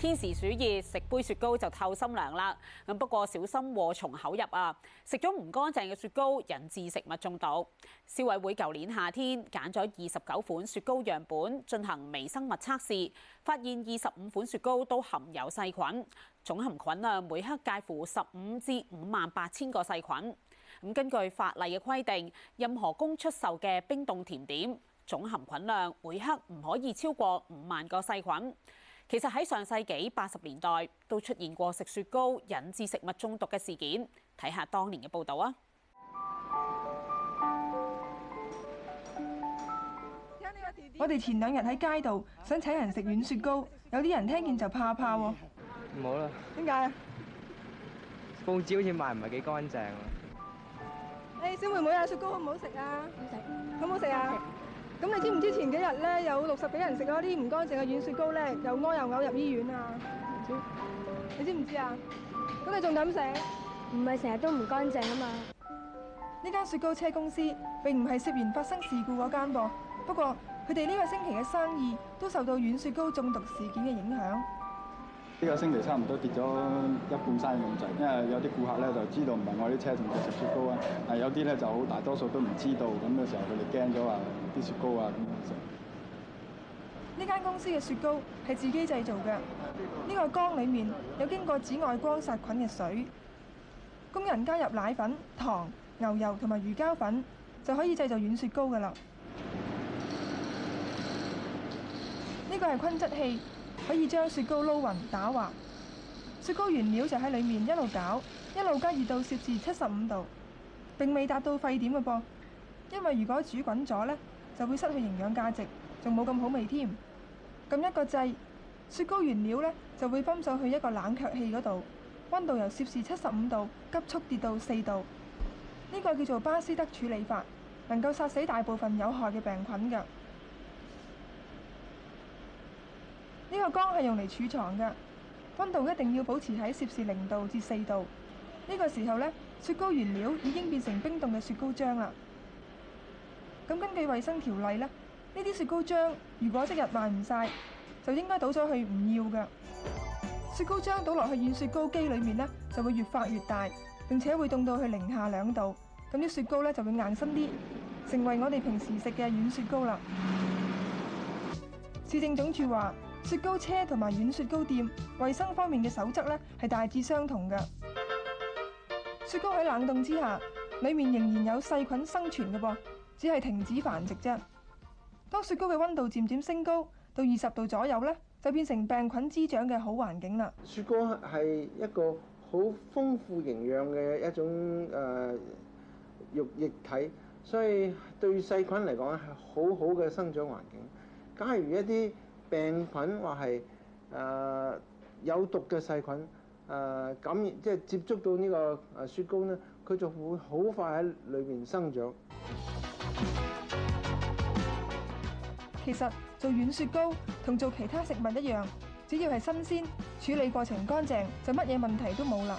天時暑熱，食杯雪糕就透心涼啦。咁，不過小心禍從口入啊！食咗唔乾淨嘅雪糕，引致食物中毒。消委會舊年夏天揀咗二十九款雪糕樣本進行微生物測試，發現二十五款雪糕都含有細菌，總含菌量每克介乎十五至五萬八千個細菌。咁根據法例嘅規定，任何供出售嘅冰凍甜點，總含菌量每克唔可以超過五萬個細菌。其實喺上世紀八十年代都出現過食雪糕引致食物中毒嘅事件，睇下當年嘅報道啊！我哋前兩日喺街度想請人食軟雪糕，有啲人聽見就怕怕喎。唔好啦。點解？報紙好似賣唔係幾乾淨。誒，小妹妹，阿雪糕好唔好食啊？好食。咁你知唔知前幾日咧有六十幾人食咗啲唔乾淨嘅軟雪糕咧，又屙又嘔入醫院啊？你知唔知啊？咁你仲敢食？唔係成日都唔乾淨啊嘛！呢間雪糕車公司並唔係涉嫌發生事故嗰間噃，不過佢哋呢個星期嘅生意都受到軟雪糕中毒事件嘅影響。呢個星期差唔多跌咗一半山咁滯，因為有啲顧客咧就知道唔係我啲車仲係食雪糕啊，但有啲咧就好大多數都唔知道，咁嘅時候佢哋驚咗話啲雪糕啊咁樣食。呢間公司嘅雪糕係自己製造嘅，呢個缸裡面有經過紫外光殺菌嘅水，工人加入奶粉、糖、牛油同埋魚膠粉，就可以製造軟雪糕噶啦。呢個係昆質器。可以將雪糕撈勻打滑，雪糕原料就喺裏面一路攪，一路加熱到攝氏七十五度，並未達到沸點嘅噃。因為如果煮滾咗呢，就會失去營養價值，仲冇咁好味添。撳一個掣，雪糕原料呢就會泵上去一個冷卻器嗰度，溫度由攝氏七十五度急速跌到四度。呢個叫做巴斯德處理法，能夠殺死大部分有害嘅病菌嘅。呢個缸係用嚟儲藏噶，温度一定要保持喺攝氏零度至四度。呢個時候呢，雪糕原料已經變成冰凍嘅雪糕漿啦。咁根據衛生條例呢，呢啲雪糕漿如果即日賣唔晒，就應該倒咗去唔要噶。雪糕漿倒落去軟雪糕機裏面呢，就會越發越大，並且會凍到去零下兩度。咁啲雪糕呢，就會硬身啲，成為我哋平時食嘅軟雪糕啦。市政總署話。雪糕車同埋軟雪糕店衛生方面嘅守則咧，係大致相同嘅。雪糕喺冷凍之下，裏面仍然有細菌生存嘅噃，只係停止繁殖啫。當雪糕嘅温度漸漸升高到二十度左右咧，就變成病菌滋長嘅好環境啦。雪糕係一個好豐富營養嘅一種誒、呃、肉液體，所以對細菌嚟講係好好嘅生長環境。假如一啲病菌或係誒有毒嘅細菌誒感染，即係接觸到呢個誒雪糕咧，佢就會好快喺裏面生長。其實做軟雪糕同做其他食物一樣，只要係新鮮，處理過程乾淨，就乜嘢問題都冇啦。